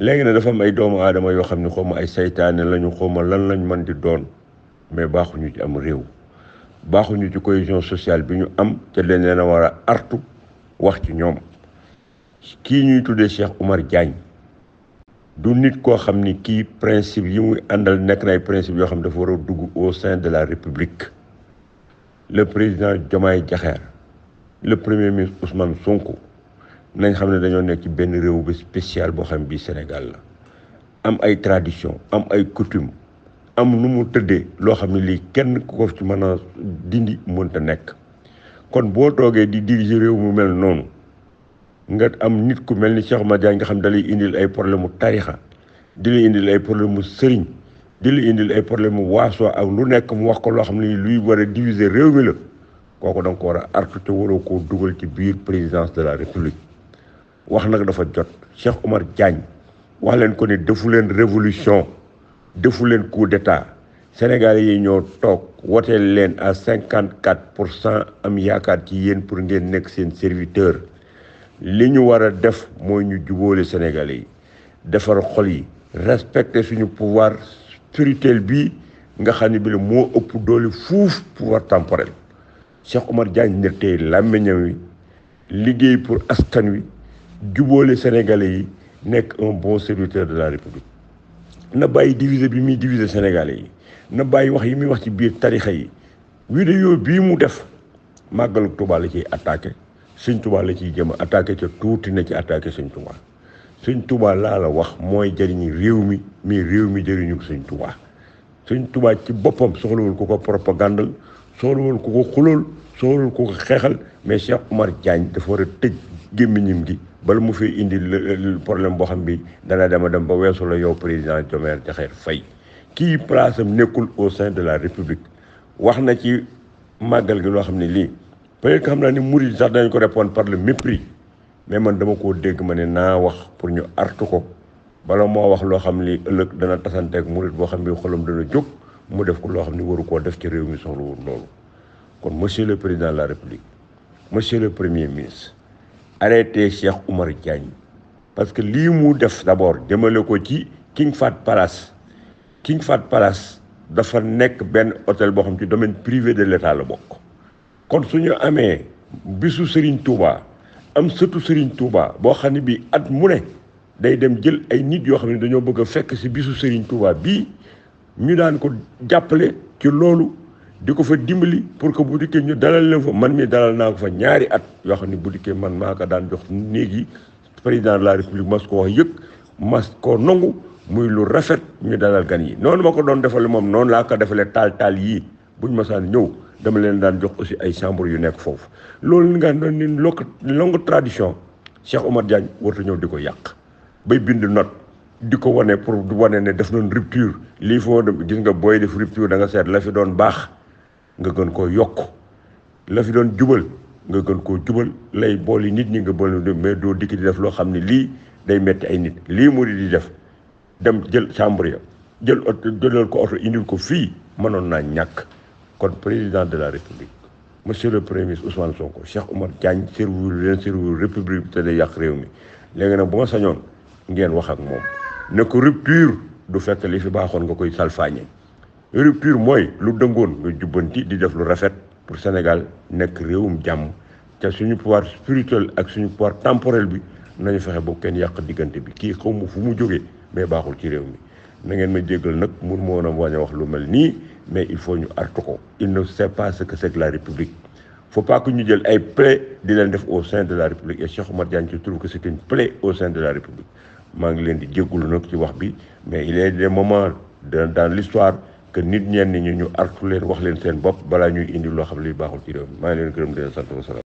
léegi nag dafa am ay doomu aadama yoo xam ne xaw ay saytaane lañu xaw ma lan lañ mën di doon mais baaxuñu ci am réew baaxuñu ci cohésion sociale bi ñu am te dañ leen a war a artu wax ci ñoom kii ñuy tuddee Cheikh Oumar Diagne du nit koo xam ni kii principe yi muy àndal nekk na ay principe yoo xam ne dafa war a dugg au sein de la République le président Diomaye Diakhar le premier ministre Ousmane Sonko nañ xam ne dañoo nekk ci benn réew bi spécial boo xam bii Sénégal la am ay tradition am ay coutume am nu mu tëddee loo xam ne lii kenn ku ko ci mën a dindi mënta nekk kon boo toogee di diriger réew mu mel noonu nga am nit ku mel ni Cheikh ma Diagne nga xam dalay indil ay problème mu tarixa di la indil ay problème mu sëriñ di la indil ay problème mu waaso ak lu nekk mu wax ko loo xam ne luy war a diviser réew mi la kooku da nga ko war a artu te waroo dugal ci biir présidence de la république wax nag dafa jot Cheikh Omar Diagne wax leen ko ne defu leen révolution defu leen coup d'état Sénégalais yi ñoo toog woteel leen à cinquante quatre pour cent am yaakaar ci yéen pour ngeen nekk seen serviteur li ñu war a def moo ñu jubóole sénégal yi defar xol yi respecter suñu pouvoir spirituel bi nga xam ne bi la moo ëpp doole fuuf pouvoir temporel Cheikh Omar Diagne ne tey làmmiñam wi liggéey pour askan wi jubóole sénégalais yi nekk un bon serviteur de la république na bàyyi diviser bi muy diviser sénégalais yi na bàyyi wax yi muy wax ci biir tarixa yi vidéo bii mu def màggalu Tuubaa la ciy attaqué suñ Tuubaa la ciy jëm attaqué ca tuuti na ci attaqué suñ Tuubaa suñ Tuubaa laa la wax mooy jëriñu réew mi mais réew mi jëriñu suñ sëñ Tuubaa sëñ Tuubaa ci boppam soxlawul ku ko propagandal soxlawul ku ko xulool soxlawul ku ko xeexal mais Cheikh Oumar Diagne dafa war a tëj gémmiñam gi bala mu fi indi problème boo xam bi dana dema dem ba weesu la yow président Diomaye Diakhar fay kii place nekkul au sein de la république wax na ci màggal gi loo xam ne lii peut xam naa ni murid sax dañ ko répondre par le mépris mais man dama koo dégg ma ne naa wax pour ñu artu ko bala moo wax loo xam ni ëllëg dana tasanteeg murid boo xam ne xolam dana jóg mu def ko loo xam ni waru koo def ci réew mi soxlawul loolu kon monsieur le président la république monsieur le premier ministre arrêté Cheikh Oumar Diagne parce que lii mu def d'abord jëmale ko ci King Fahd Palace King Fahd Palace dafa nekk benn hôtel boo xam ci domaine privé de l'État la bokk kon suñu amee bisu sëriñ Touba am sëtu Serigne Touba boo xam ne bii at mu ne day dem jël ay nit yoo xam ne dañoo bëgg a fekk ci bisu Serigne Touba bii ñu daan ko jàppale ci loolu di ko fa dimbali pour que bu dikkee ñu dalal leen fa man mi dalal naa ko fa ñaari at yoo xam ne bu dikkee man maa ko daan jox néeg yi président la république mas ko wax yëg mas koo muy lu rafet ñu dalal gan yi noonu ma ko doon defale moom noonu laa ko defalee taal taal yii buñ masaan ñëw dama leen daan jox aussi ay chambre yu nekk foofu loolu nga doon ni lokk longue tradition Cheikh Omar Diagne warta ñëw di ko yàq bay bind not di ko wane pour du wane ne def noon rupture lii foo dem gis nga booy def rupture da nga seet la fi doon baax nga gën koo yokk la fi doon jubal nga gën koo jubal lay bool yi nit ñi nga boole mais doo dikk di def loo xam ne lii day metti ay nit lii mu di di def dem jël chambre ya jël oto jëlal ko oto indil ko fii mënoon naa ñàkk kon président de la république monsieur le premier ministre Ousmane Sonko Cheikh Oumar Diagne servir leen servir république te day yàq réew mi léegi nag bu ma sañoon ngeen wax ak moom ne ko rupture du fekk li fi baaxoon nga koy salfaañe rupture mooy lu dëngoon nga jubbanti di def lu rafet pour Sénégal nekk réewum jàmm te suñu pouvoir spirituel ak suñu pouvoir temporel bi nañu fexe ba kenn yàq diggante bi kii xaw ma fu mu jógee mais baaxul ci réew mi na ngeen ma jéggal nag mun ma woon a wañ a wax lu mel nii mais il faut ñu artu ko il ne sait pas ce que c'est que république faut que ñu jël ay plaie di leen def au sein la république et Cheikh Oumar Diagne je trouve que c'est une plaie au sein de la république maa ngi leen di jéggalu nag ci wax bi mais il est des moments dans l'histoire que nit ñenn ni ñu ñu artu leen wax leen seen bopp balaa ñuy indi loo xam li baaxul ci réew mi maa ngi leen gërëm di leen sant